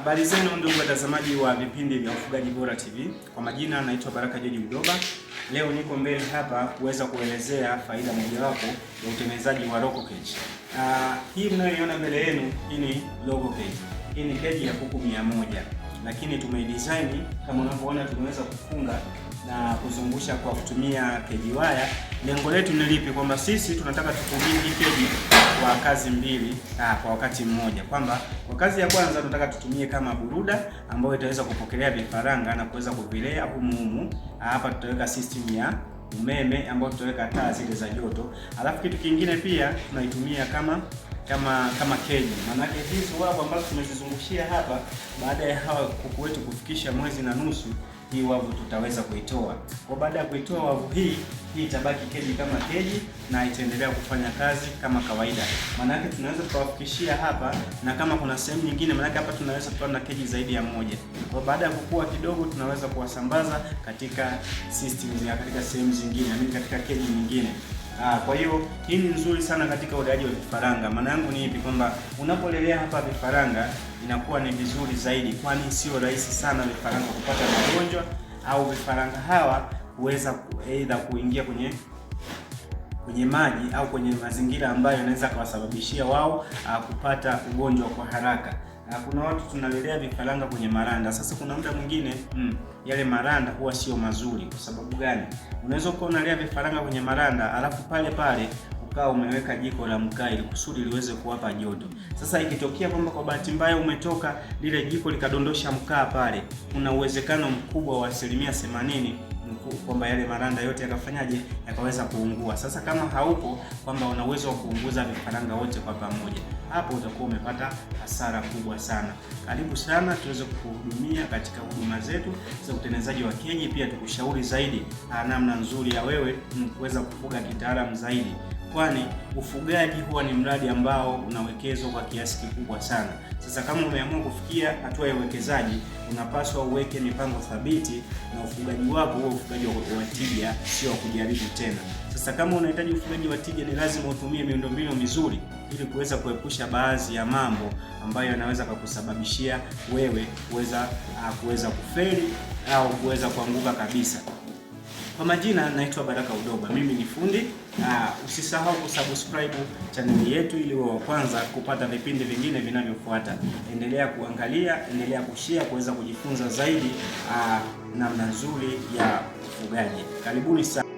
Habari zenu ndugu watazamaji wa vipindi vya Ufugaji Bora TV. Kwa majina naitwa Baraka Joji Mdoba. Leo niko mbele hapa kuweza kuelezea faida mojawapo ya utengenezaji wa local cage. Ah, hii mnayoiona mbele yenu hii ni local cage. Hii ni cage ya kuku 100. Lakini tumeidesign kama unavyoona tumeweza kufunga na kuzungusha kwa kutumia keji waya. Lengo letu ni lipi? Kwamba sisi tunataka tutumie keji kwa kazi mbili aa, ah, kwa wakati mmoja, kwamba kwa kazi ya kwanza tunataka tutumie kama buruda ambayo itaweza kupokelea vifaranga na kuweza kuvilea humu humu. Hapa tutaweka system ya umeme ambayo tutaweka taa zile za joto, alafu kitu kingine pia tunaitumia kama kama kama keji, maanake hizi wapo ambazo tumezizungushia hapa, baada ya hawa kuku wetu kufikisha mwezi na nusu hii wavu tutaweza kuitoa. Kwa baada ya kuitoa wavu hii, hii itabaki keji kama keji na itaendelea kufanya kazi kama kawaida. Maana yake tunaweza tukawafikishia hapa, na kama kuna sehemu nyingine, maana hapa tunaweza kuwa na keji zaidi ya moja. Kwa baada ya kukua kidogo, tunaweza kuwasambaza katika systems ya katika sehemu zingine, yaani katika keji nyingine. Ah, kwa hiyo hii ni nzuri sana katika uleaji wa vifaranga. Maana yangu ni hivi Kwamba unapolelea hapa vifaranga inakuwa ni vizuri zaidi, kwani sio rahisi sana vifaranga kupata magonjwa au vifaranga hawa huweza aidha kuingia kwenye kwenye maji au kwenye mazingira ambayo yanaweza kawasababishia wao ah, kupata ugonjwa kwa haraka. Ah, kuna watu tunalelea vifaranga kwenye maranda. Sasa kuna muda mwingine mm, yale maranda huwa sio mazuri. Kwa sababu gani? Unaweza ukawa unalea vifaranga kwenye maranda alafu pale pale ukawa umeweka jiko la mkaa ili kusudi liweze kuwapa joto. Sasa ikitokea kwamba kwa bahati mbaya umetoka lile jiko likadondosha mkaa pale, kuna uwezekano mkubwa wa asilimia themanini kwamba yale maranda yote yakafanyaje yakaweza kuungua. Sasa kama haupo kwamba una uwezo wa kuunguza vifaranga wote kwa pamoja, hapo utakuwa umepata hasara kubwa sana. Karibu sana tuweze kukuhudumia katika huduma zetu za utengenezaji wa keji. Pia tukushauri zaidi namna nzuri ya wewe kuweza kufuga kitaalamu zaidi kwani ufugaji huwa ni mradi ambao unawekezwa kwa kiasi kikubwa sana. Sasa kama umeamua kufikia hatua ya uwekezaji, unapaswa uweke mipango thabiti na ufugaji wako huo ufugaji ufugaji wa tija, sio wa kujaribu tena. Sasa kama unahitaji ufugaji wa tija, ni lazima utumie miundombinu mizuri ili kuweza kuepusha baadhi ya mambo ambayo yanaweza kukusababishia wewe kuweza ah, kuweza kufeli au kuweza kuanguka kabisa. Kwa majina naitwa Baraka Udoba, mimi ni fundi. Ah, usisahau kusubscribe chaneli yetu ili uwe wa kwanza kupata vipindi vingine vinavyofuata. Endelea kuangalia, endelea kushare kuweza kujifunza zaidi ah, namna nzuri ya ufugaji. Karibuni sana.